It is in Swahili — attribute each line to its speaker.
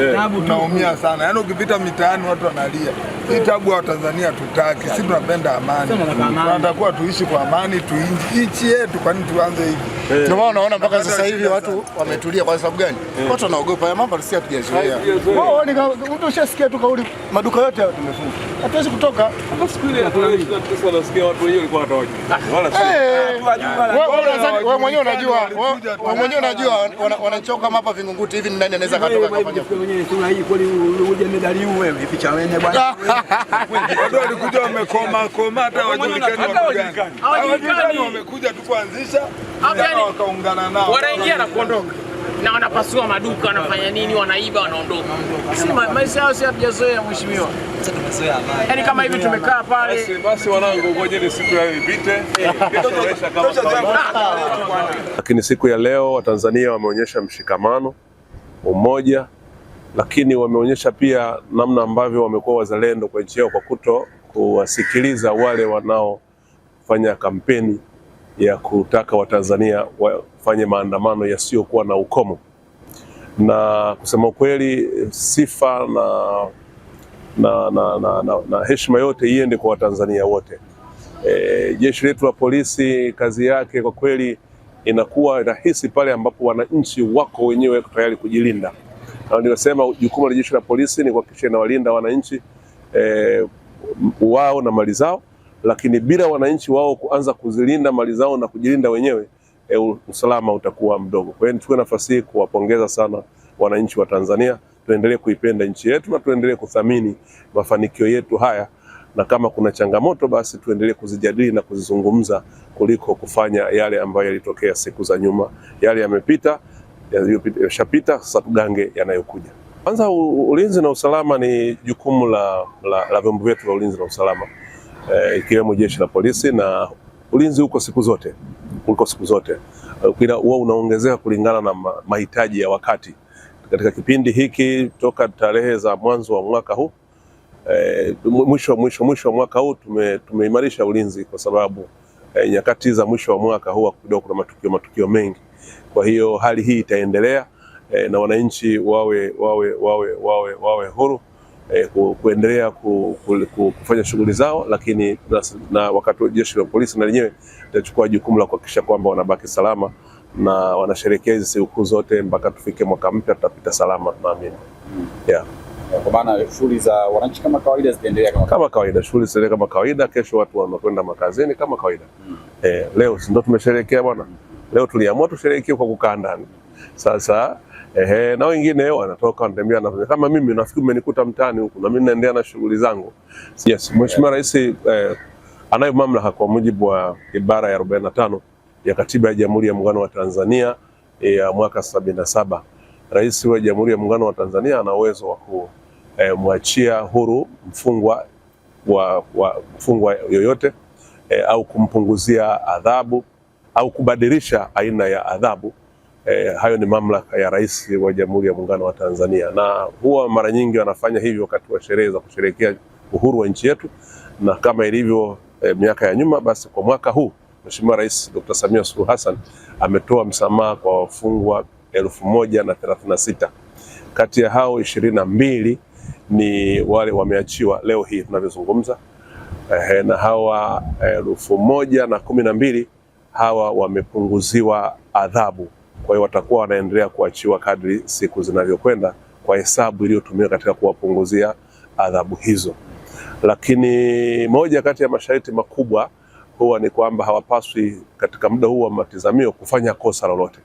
Speaker 1: Eh, naumia sana, yaani ukipita mitaani watu wanalia. Hii tabu wa Tanzania tutaki sisi, tunapenda amani, tunatakuwa tuishi kwa amani, nchi yetu, kwani tuanze hivi?
Speaker 2: Eh. Ndio maana unaona mpaka sasa hivi watu wametulia. Kwa sababu gani? Eh. Watu wanaogopa ya mambo, sisi hatujazoea.
Speaker 3: Mtu ushasikia tu kauli, maduka yote tumefunga, hatuwezi kutoka. Wewe mwenyewe unajua, wanachoka mapa Vingunguti hivi, ni nani anaweza katoka
Speaker 4: kafanya kwenye sura hii kweli uje medali huu wewe wewe bwana.
Speaker 1: koma hata wajulikani wamekuja tu kuanzisha wakaungana nao.
Speaker 5: Wanaingia na kuondoka. Na wanapasua maduka, wanafanya nini, wanaiba, wanaondoka.
Speaker 6: Si maisha yao si hatujazoea mheshimiwa. Yaani kama hivi tumekaa pale. Basi
Speaker 1: basi wanangu, ngojeni siku yao ipite.
Speaker 7: Lakini siku ya leo Watanzania wameonyesha mshikamano, umoja lakini wameonyesha pia namna ambavyo wamekuwa wazalendo kwa nchi yao kwa kuto kuwasikiliza wale wanaofanya kampeni ya kutaka Watanzania wafanye maandamano yasiyokuwa na ukomo. Na kusema kweli, sifa na, na, na, na, na, na heshima yote iende kwa Watanzania wote. E, jeshi letu la polisi kazi yake kwa kweli inakuwa rahisi pale ambapo wananchi wako wenyewe tayari kujilinda nimesema jukumu la jeshi la polisi ni kuhakikisha inawalinda wananchi e, wao na mali zao, lakini bila wananchi wao kuanza kuzilinda mali zao na kujilinda wenyewe e, usalama utakuwa mdogo. Kwa hiyo nichukue nafasi hii kuwapongeza sana wananchi wa Tanzania, tuendelee kuipenda nchi yetu na tuendelee kuthamini mafanikio yetu haya na kama kuna changamoto basi tuendelee kuzijadili na kuzizungumza kuliko kufanya yale ambayo yalitokea siku za nyuma. Yale yamepita yashapita, sasa tugange yanayokuja.
Speaker 8: Kwanza, ulinzi na usalama ni jukumu la, la, la vyombo vyetu vya ulinzi na usalama e, ikiwemo jeshi la polisi, na ulinzi uko siku zote, uko siku zote eh, huwa unaongezeka kulingana na mahitaji ya wakati. Katika kipindi hiki toka tarehe za mwanzo wa mwaka huu e, mwisho mwisho mwisho wa mwaka huu tume, tumeimarisha ulinzi kwa sababu e, nyakati za mwisho wa mwaka huu kidogo kuna matukio matukio mengi kwa hiyo hali hii itaendelea e, na wananchi wawe, wawe, wawe, wawe, wawe huru e, ku, kuendelea ku, ku, ku, kufanya shughuli zao, lakini na, na wakati jeshi la polisi na lenyewe litachukua jukumu la kuhakikisha kwamba wanabaki salama na wanasherehekea hizi sikukuu zote mpaka tufike mwaka mpya, tutapita salama tunaamini. yeah.
Speaker 9: Kwa maana shughuli za wananchi kama kawaida zitaendelea kama,
Speaker 8: kama kawaida, shughuli zitaendelea kama kawaida. Kesho watu wanakwenda makazini kama kawaida. hmm. Eh, leo ndio tumesherehekea bwana. hmm. Leo tuliamua tusherehekee kwa kukaa ndani. Sasa ehe, na wengine wanatoka wanatembea na kama mimi nafikiri mmenikuta mtaani huku na mimi naendelea na shughuli zangu. Yes, Mheshimiwa Rais eh, anayo mamlaka kwa mujibu wa ibara ya 45 ya Katiba ya Jamhuri ya Muungano wa Tanzania eh, ya mwaka sabini na saba. Rais wa Jamhuri ya Muungano wa Tanzania ana uwezo wa kumwachia eh, huru mfungwa wa, wa mfungwa yoyote eh, au kumpunguzia adhabu au kubadilisha aina ya adhabu eh, hayo ni mamlaka ya Rais wa Jamhuri ya Muungano wa Tanzania, na huwa mara nyingi wanafanya hivyo wakati wa sherehe za kusherehekea uhuru wa nchi yetu, na kama ilivyo eh, miaka ya nyuma, basi kwa mwaka huu Mheshimiwa Rais Dr. Samia Suluhu Hassan ametoa msamaha kwa wafungwa elfu moja na thelathini na sita kati ya hao ishirini na mbili ni wale wameachiwa leo hii tunavyozungumza, na hawa eh, elfu moja na kumi na mbili hawa wamepunguziwa adhabu, kwa hiyo watakuwa wanaendelea kuachiwa kadri siku zinavyokwenda kwa hesabu iliyotumika katika kuwapunguzia adhabu hizo. Lakini moja kati ya masharti makubwa huwa ni kwamba hawapaswi katika muda huu wa matizamio kufanya kosa lolote.